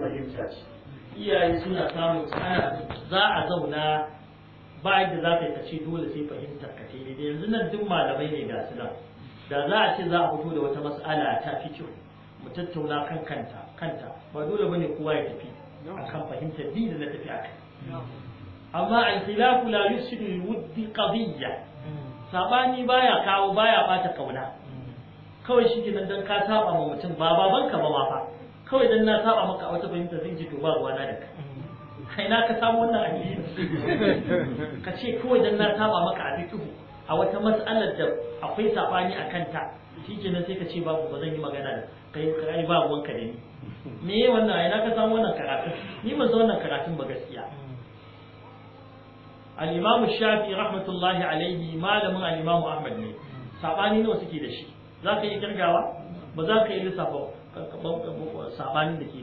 fahimta ce iyaye suna samun tsara za a zauna ba yadda za ka yi dole sai fahimtar ka ce da yanzu nan duk malamai ne da su nan da za a ce za a fito da wata mas'ala ta fi kyau mu tattauna kan kanta kanta ba dole bane kowa ya tafi akan fahimtar din da na tafi kai amma al-khilafu la yusidu al qadiyya sabani baya kawo baya bata kauna kawai shi nan dan ka saba ma mutum ba babanka ba ma fa kawai dan na saba maka a wata fahimta zan ji to ba ruwana da kai kai na ka samu wannan addini ka ce kawai dan na saba maka a fiqhu a wata mas'alar da akwai sabani a kanta shikenan sai ka ce babu ba zan yi magana da kai kai ba wanka da ni me wannan ai na ka samu wannan karatun ni ban san wannan karatun ba gaskiya al-Imam Shafi'i rahmatullahi alayhi malamin al-Imam Ahmad ne sabani nawa suke da shi za ka yi kirgawa ba za ka yi lissafa ba. sabanin da ke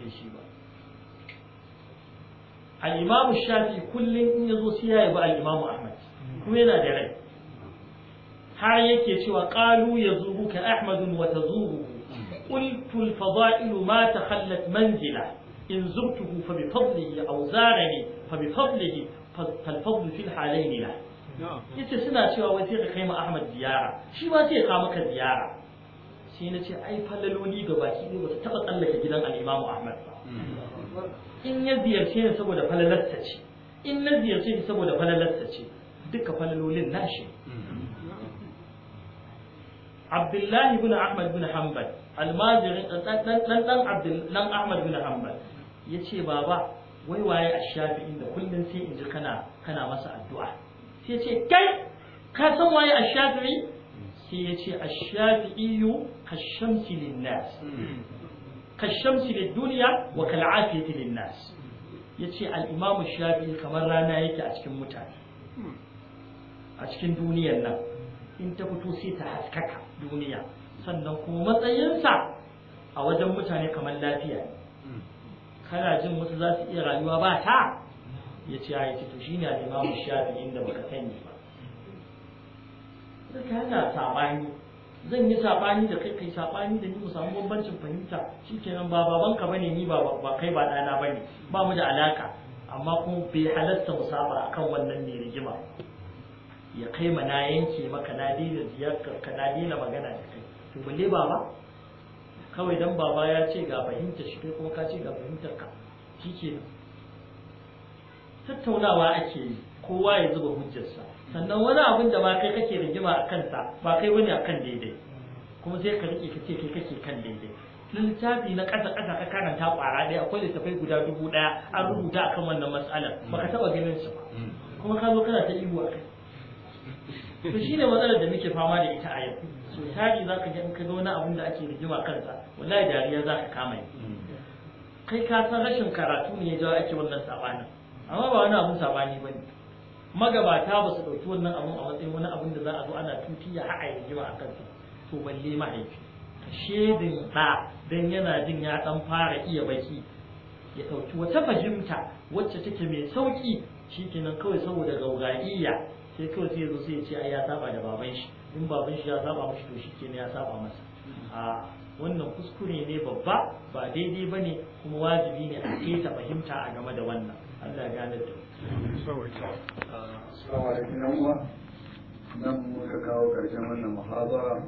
shafi kullum in zo sai ya yabi al-imamu ahmad kuma yana da rai har yake cewa qalu yazuhuka ahmad wa tazuhu قلت الفضائل ما تخلت منزله إن زرته فبفضله أو زارني فبفضله فالفضل في الحالين له yace suna cewa wai sai ka kai ma Ahmad ziyara shi ma sai ya kawo maka ziyara sai na ce ai falaloli ga baki ne ba su taɓa tsallake gidan al'imamu ahmad ba in ya ziyarce ni saboda falalarsa ce in na ziyarce ni saboda falalarsa ce duka falalolin na nashi Abdullahi bin Ahmad bin Hanbal almajirin dan dan Abdul dan Ahmad bin Hanbal yace baba wai waye a shafi'in inda kullum sai in ji kana kana masa addu'a sai ce kai ka san waye a shafi'i sai ya ce ashafi'iyu kashamsi linnas hmm. kashamsi duniya wa kal'afiyati linnas yace ce imamu shafi'i kamar rana yake a cikin mutane hmm. a cikin duniyar nan in ta fito sai ta haskaka duniya sannan kuma matsayinsa a wajen mutane kamar lafiya hmm. kana jin wasu za su iya rayuwa ba ta ya ce ya ce to shine al shafi'in da inda baka sani ba ka yana sabani zan yi sabani da kai kai sabani da ni mu samu bambancin fahimta shikenan ba babanka bane ni ba ba kai ba ɗana bane ba mu da alaka amma kuma bai halatta mu a kan wannan ne rigima ya kai ma na yanke maka na dina ziyarar ka na daina magana da kai to balle ba kawai dan baba ya ce ga fahimtar shi kai kuma ka ce ga fahimtar ka shikenan tattaunawa ake yi kowa ya zuba hujjarsa sannan wani abin da ba kai kake rigima a kansa ba kai wani a kan daidai kuma sai ka rike kace kai kake kan daidai littafi na ƙasa kasa ka karanta kwara dai akwai littafai guda dubu ɗaya an rubuta akan wannan matsalar baka taba ganin su kuma ka zo kana ta ihu akai, to shine matsalar da muke fama da ita a yau so tari za ka ga in ka ga wani abin da ake rigima kansa wallahi dariya za ka kama kai ka san rashin karatu ne ya jawo ake wannan sabanin amma ba wani abin sabani ba magabata ba su ɗauki wannan abun a matsayin wani abun da za a zo ana tutiya har a yi a kansu to balle mahaifi shedin ba don yana jin ya ɗan fara iya baki ya ɗauki wata fahimta wacce take mai sauƙi kenan kawai saboda gaugaiya sai kawai sai zo sai ya ce ai ya saba da baban shi in baban shi ya saba mashi to kenan ya saba masa a wannan kuskure ne babba ba daidai ba ne kuma wajibi ne a keta fahimta a game da wannan Allah ya gane da Assalamu alaikum nan muka kawo ƙarshen wannan muhabara